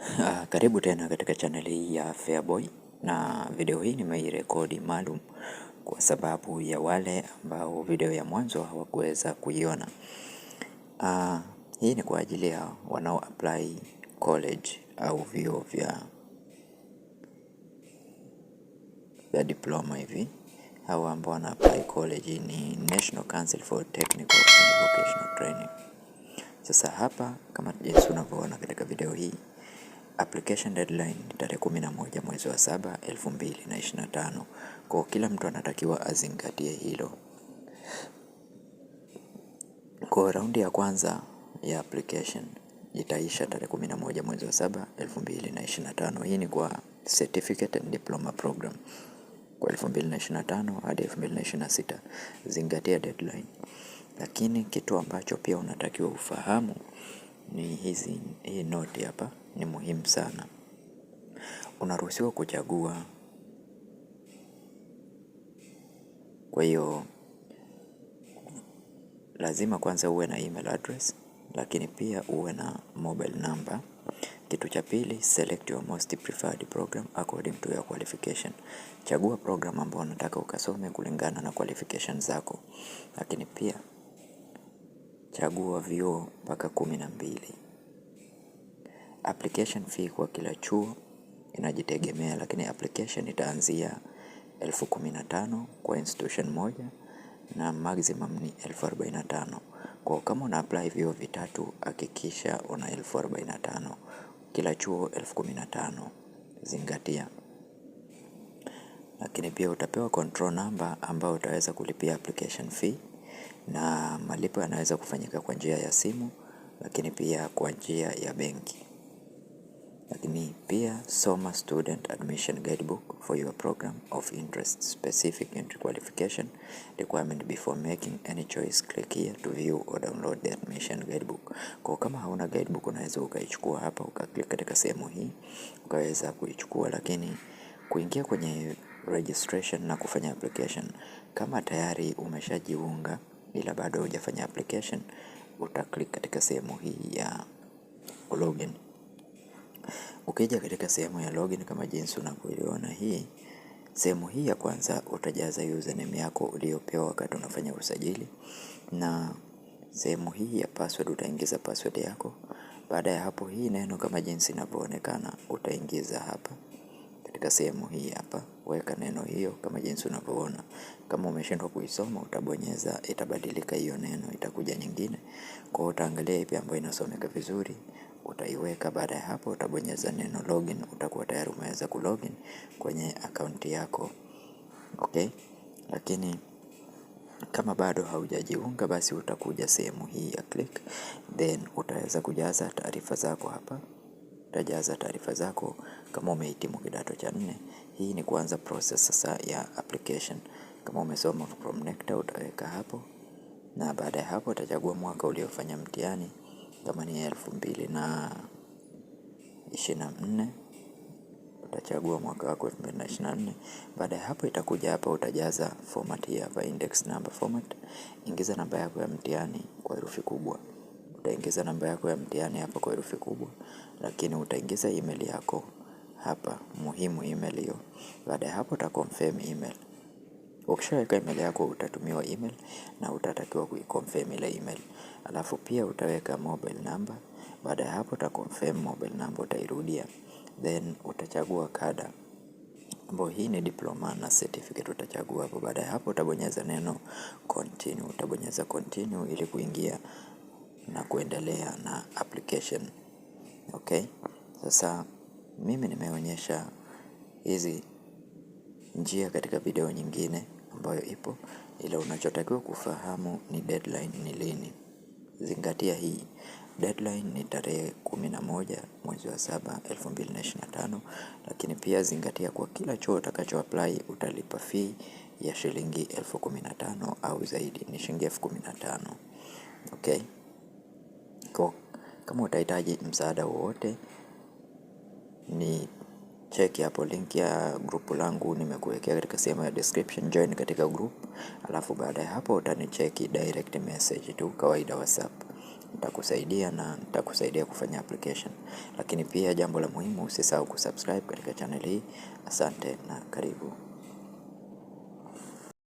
Ah, karibu tena katika channel hii ya FEABOY na video hii nimeirekodi maalum kwa sababu ya wale ambao video ya mwanzo hawakuweza kuiona. Uh, hii ni kwa ajili ya wanao apply college au vyuo vya vya diploma hivi au ambao wana apply college ni National Council for Technical and Vocational Training. Sasa hapa kama jinsi unavyoona katika video hii Application deadline ni tarehe kumi na moja mwezi wa saba elfu mbili na ishirini na tano kwa kila mtu anatakiwa azingatie hilo. Kwa raundi ya kwanza ya application itaisha tarehe kumi na moja mwezi wa saba elfu mbili na ishirini na tano Hii ni kwa certificate and diploma program kwa tano hadi sita Zingatia deadline, lakini kitu ambacho pia unatakiwa ufahamu ni hizi, hii noti hapa ni muhimu sana. Unaruhusiwa kuchagua. Kwa hiyo lazima kwanza uwe na email address, lakini pia uwe na mobile number. Kitu cha pili, select your most preferred program according to your qualification. Chagua program ambayo unataka ukasome kulingana na qualification zako, lakini pia Chagua vyuo mpaka kumi na mbili. Application fee kwa kila chuo inajitegemea, lakini application itaanzia elfu kumi na tano kwa institution moja na maximum ni elfu arobaini na tano kwa kama una apply vyuo vitatu, hakikisha una elfu arobaini na tano kila chuo elfu kumi na tano zingatia. Lakini pia utapewa control number ambayo utaweza kulipia application fee na malipo yanaweza kufanyika kwa njia ya simu, lakini pia kwa njia ya benki. Lakini pia soma Student Admission Guidebook for your program of interest specific entry qualification requirement before making any choice. Click here to view or download the admission guidebook. Kwa kama hauna guidebook, unaweza ukaichukua hapa, ukaklik katika sehemu hii ukaweza kuichukua, lakini kuingia kwenye registration na kufanya application, kama tayari umeshajiunga ila bado hujafanya application, uta click katika sehemu hii ya login. Ukija katika sehemu ya login kama jinsi unavyoiona hii sehemu hii ya kwanza utajaza username yako uliyopewa wakati unafanya usajili, na sehemu hii ya password utaingiza password yako. Baada ya hapo, hii neno kama jinsi inavyoonekana utaingiza hapa katika sehemu hii hapa, weka neno hiyo kama jinsi unavyoona. Kama umeshindwa kuisoma, utabonyeza itabadilika hiyo neno, itakuja nyingine. Kwa hiyo utaangalia ipi ambayo inasomeka vizuri, utaiweka. Baada ya hapo, utabonyeza neno login, utakuwa tayari umeweza ku login kwenye akaunti yako okay. Lakini kama bado haujajiunga basi utakuja sehemu hii ya click, then utaweza kujaza taarifa zako hapa utajaza taarifa zako kama umehitimu kidato cha nne. Hii ni kuanza process sasa ya application. Kama umesoma from NECTA utaweka hapo, na baada ya hapo utachagua mwaka uliofanya mtihani. Kama ni elfu mbili na ishirini nne utachagua mwaka wako elfu mbili na nne. Baada ya hapo itakuja hapa, utajaza format hii hapa, index number format. Ingiza namba yako ya mtihani kwa herufi kubwa utaingiza namba yako ya mtihani hapa kwa herufi kubwa, lakini utaingiza email yako hapa, muhimu email hiyo. Baada ya hapo uta confirm email. Ukishaweka email yako utatumiwa email na utatakiwa kuiconfirm ile email, alafu pia utaweka mobile number. Baada ya hapo uta confirm mobile number, utairudia then utachagua kada ambao hii ni diploma na certificate utachagua hapo. Baada ya hapo utabonyeza neno continue, utabonyeza continue ili kuingia na kuendelea na application. Okay, sasa mimi nimeonyesha hizi njia katika video nyingine ambayo ipo, ila unachotakiwa kufahamu ni deadline ni lini. Zingatia hii deadline ni tarehe kumi na moja mwezi wa saba elfu mbili na tano lakini pia zingatia kwa kila chuo utakacho apply utalipa fee ya shilingi elfu kumi na tano au zaidi, ni shilingi elfu kumi na tano. Okay. Kama utahitaji msaada wowote ni cheki hapo link ya grupu langu nimekuwekea katika sehemu ya description. Join katika group, alafu baada ya hapo utanicheki direct message tu kawaida WhatsApp, nitakusaidia na nitakusaidia kufanya application. Lakini pia jambo la muhimu, usisahau kusubscribe katika channel hii. Asante na karibu.